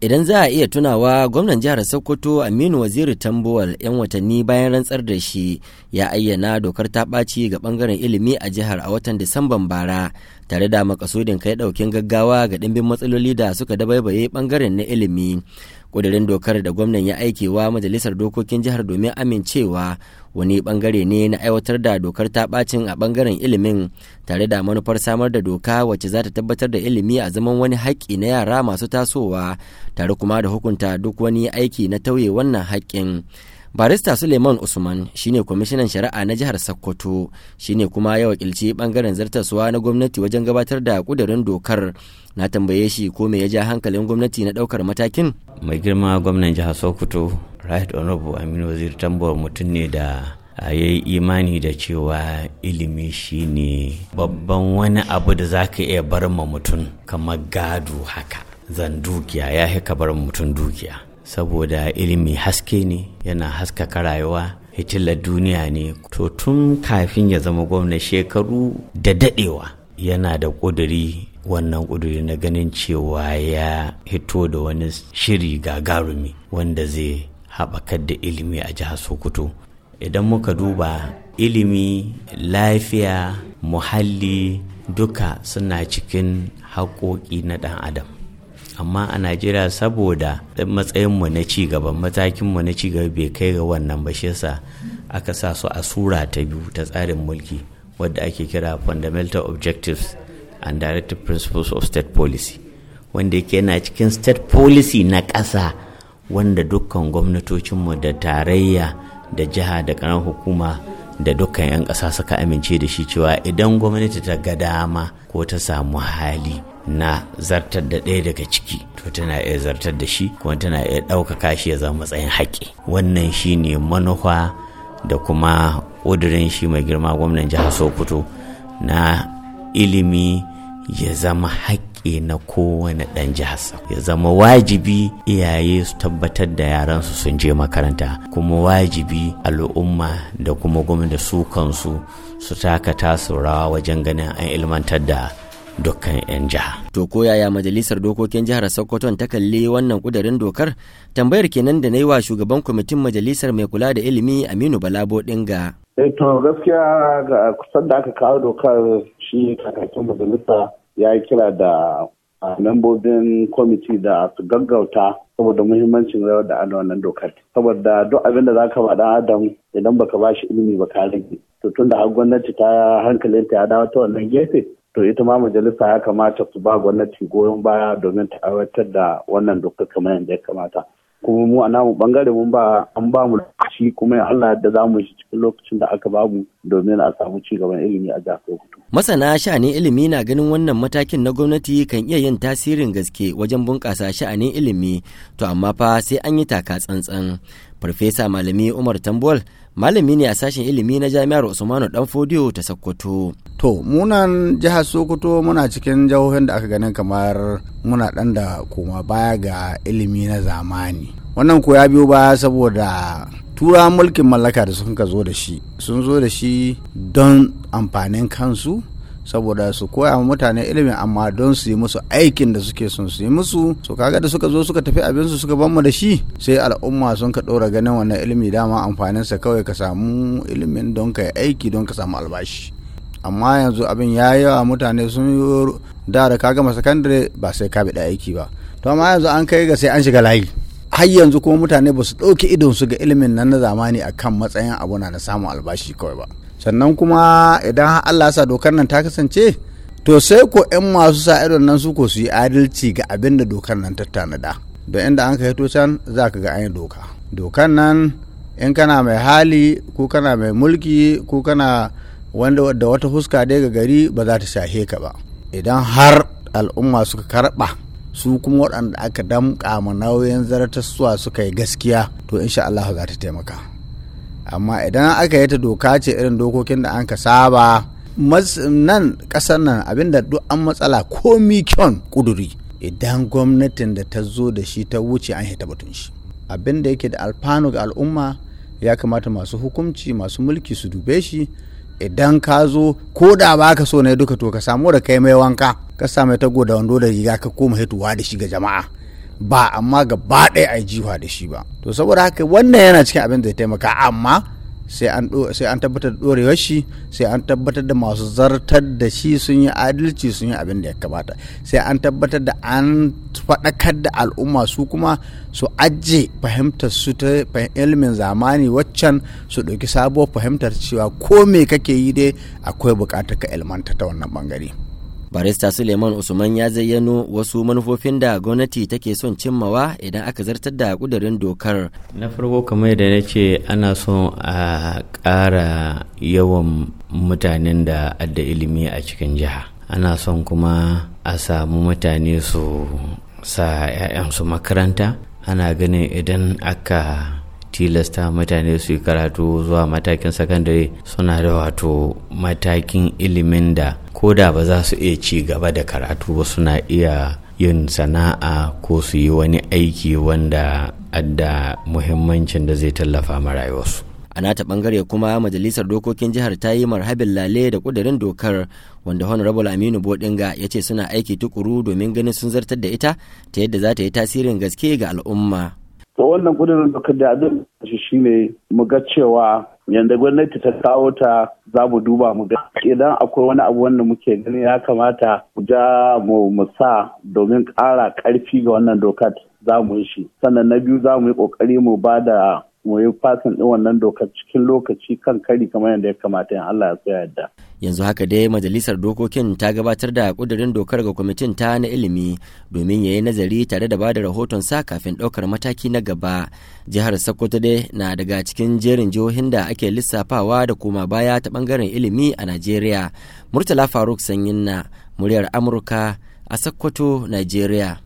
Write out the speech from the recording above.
Idan za a iya tunawa gwamnan jihar Sokoto Aminu Waziri Tambuwal 'yan watanni bayan rantsar da shi ya ayyana dokar ta ɓaci ga ɓangaren ilimi a jihar a watan Disamban bara tare da makasudin kai ɗaukin gaggawa ga ɗimbin matsaloli da suka dabaibaye ɓangaren na ilimi. kudirin dokar da gwamnan ya aikewa majalisar dokokin jihar domin amincewa wani bangare ne na aiwatar da dokar ta bacin a bangaren ilimin tare da manufar samar da doka wacce za ta tabbatar da ilimi a zaman wani haƙƙi na yara masu tasowa tare kuma da hukunta duk wani aiki na tauye wannan haƙƙin barista suleiman usman shine kwamishinan shari'a na jihar sokoto shine kuma ya wakilci bangaren zartaswa na gwamnati wajen gabatar da kudurin dokar na tambaye shi ko me ya ja hankalin gwamnati na daukar matakin mai girma gwamnan jihar sokoto right honorable aminu wazir tambuwar mutum ne da ya yi imani da cewa ilimi shine babban wani abu da za ka iya bar ma mutum kamar gado haka zan dukiya ya ka bar mutum dukiya saboda ilimi haske ne yana haskaka rayuwa hitilar duniya ne to tun kafin ya zama gwamna shekaru da dadewa yana da ƙuduri wannan ƙuduri na ganin cewa ya hito da wani shiri gagarumi wanda zai haɓakar da ilimi a jihar sokoto idan muka duba ilimi lafiya muhalli duka suna cikin haƙoƙi na ɗan adam amma a najeriya saboda matsayinmu na cigaba matakinmu na ci gaba bai kai ga wannan ba shesa aka sa su a sura ta biyu ta tsarin mulki wadda ake kira fundamental objectives and directive principles of state policy wanda yake yana cikin state policy na ƙasa wanda dukkan gwamnatocinmu da tarayya da jiha da ƙaran hukuma da dukkan 'yan ƙasa suka amince da shi cewa idan gwamnati ta ga dama ko ta samu hali na zartar da ɗaya daga ciki to tana iya zartar da shi kuma tana iya ɗaukaka shi ya zama matsayin haƙƙi wannan shi ne manufa da kuma ƙudurin shi mai girma gwamnan jihar sokoto na ilimi ya zama haƙƙi na kowane ɗan jihar ya zama wajibi iyaye su tabbatar da yaransu sun je makaranta kuma wajibi al'umma da kuma gwamnati su kansu su takata su rawa wajen ganin an ilmantar da dukkan 'yan jiha. To ko yaya majalisar dokokin jihar Sokoto, ta kalli wannan kudirin dokar? Tambayar kenan da na yi wa shugaban kwamitin majalisar mai kula da ilimi Aminu Balabo Dinga. Eh, to gaskiya ga kusan da aka kawo dokar shi kakakin majalisa ya yi kira da membobin kwamiti da su gaggauta saboda muhimmancin rawar da ana wannan dokar saboda duk abin da zaka ba dan adam idan baka ba shi ilimi ba ka rage to tunda har gwamnati ta hankalinta ya dawo ta wannan gefe to ita ma majalisa ya kamata su ba gwamnati goyon baya domin ta aiwatar da wannan doka kamar yadda ya kamata kuma mu a namu bangare mun ba an ba mu shi kuma Allah da za mu shi cikin lokacin da aka babu domin a samu ci gaban ilimi a jihar Sokoto. Masana sha'anin ilimi na ganin wannan matakin na gwamnati kan iya yin tasirin gaske wajen bunƙasa sha'anin ilimi to amma fa sai an yi taka tsantsan. Farfesa Malami Umar Tambol malami ne a sashen ilimi na Jami'ar Usmanu Danfodiyo ta Sokoto. To, munan jihar Sokoto muna cikin jihohin da aka ganin kamar muna ɗan da koma baya ga ilimi na zamani. Wannan ko ya biyo baya saboda tura mulkin mallaka da suka zo da shi sun zo da shi don amfanin kansu saboda su koya wa mutane ilimin amma don su yi musu aikin da suke son su yi musu su kaga da suka zo suka tafi abinsu suka ban mu da shi sai al'umma sun ka ɗora ganin wannan ilimi dama amfaninsa kawai ka samu ilimin don ka yi aiki don ka samu albashi amma yanzu abin ya yi yawa mutane sun yi da da ka gama sakandare ba sai ka bi aiki ba to amma yanzu an kai ga sai an shiga layi har yanzu kuma mutane ba su ɗauki su ga ilimin nan na zamani a kan matsayin abu na samun albashi kawai ba sannan kuma idan allah sa dokar nan ta kasance to sai ko 'yan masu sa idon nan su ko su yi adalci ga abin da dokar nan ta tanada don inda an ka hito can za ka ga an doka dokar nan in kana mai hali ko kana mai mulki ko kana wanda da wata huska dai ga gari ba za ta shahe ka ba idan har al'umma suka karɓa su kuma waɗanda aka damƙa ma nauyin zartaswa suka yi gaskiya to insha Allah za ta taimaka amma idan aka yi ta doka ce irin dokokin da an ka saba nan ƙasar nan abinda duk an matsala komi kyon ƙuduri idan gwamnatin da ta zo da shi ta wuce an hita batun shi abinda yake da alfanu ga al'umma ya kamata masu hukunci masu mulki su dube shi idan ka zo ko da ba ka so ne duka to ka samu da kai mai wanka ka samu ta tago da wando da riga ka koma hituwa da shi ga jama'a ba amma gaba ɗaya a jiwa da shi ba to saboda haka wannan yana cikin abin da ya taimaka amma sai an tabbatar da dorewar shi sai an tabbatar da masu zartar da shi sun yi adalci sun yi abin da ya kamata sai an tabbatar da an faɗakar da al'umma su kuma su ajiye fahimtar su ta ilimin zamani waccan su ɗauki sabuwar fahimtar cewa ko me kake yi dai akwai buƙatar ka ilmanta ta wannan ɓangare. barista suleiman usman ya zayyano wasu manufofin da gwamnati take son cimmawa idan aka zartar da kudurin dokar na farko kamar da na ce ana son a ƙara yawan mutanen da adda ilimi a cikin jiha ana son kuma a samu mutane su sa 'ya'yansu makaranta ana ganin idan aka tilasta mutane su yi karatu zuwa matakin sakandare suna da wato matakin ilimin da ko da ba za su iya ci gaba da karatu ba suna iya yin sana'a ko su yi wani aiki wanda adda muhimmancin da zai tallafa ma rayuwarsu a nata bangare kuma majalisar dokokin jihar ta yi marhabin lale da kudirin dokar wanda honorable aminu bodinga ya ce suna aiki tukuru domin ganin sun zartar da ita ta yadda za ta yi tasirin gaske ga al'umma to wannan kudirin dokar da abin shi shine mu ga cewa yadda gwamnati ta kawo ta za mu duba mu ga idan akwai wani abu wanda muke ganin ya kamata mu ja mu musa domin ƙara ƙarfi ga wannan dokar za mu yi shi sannan na biyu za mu yi ƙoƙari mu ba da mu yi fasin ɗin wannan dokar cikin lokaci kan kari kamar yadda ya kamata in Allah ya so yadda. Yanzu haka dai majalisar dokokin ta gabatar da ƙudurin dokar ga kwamitin ta na ilimi domin ya yi nazari tare da bada rahoton sa kafin ɗaukar mataki na gaba. Jihar Sokoto dai na daga cikin jerin jihohin da ake lissafawa da koma baya ta ɓangaren ilimi a Najeriya. Murtala Faruk Sanyin na muryar Amurka a Sokoto, Najeriya.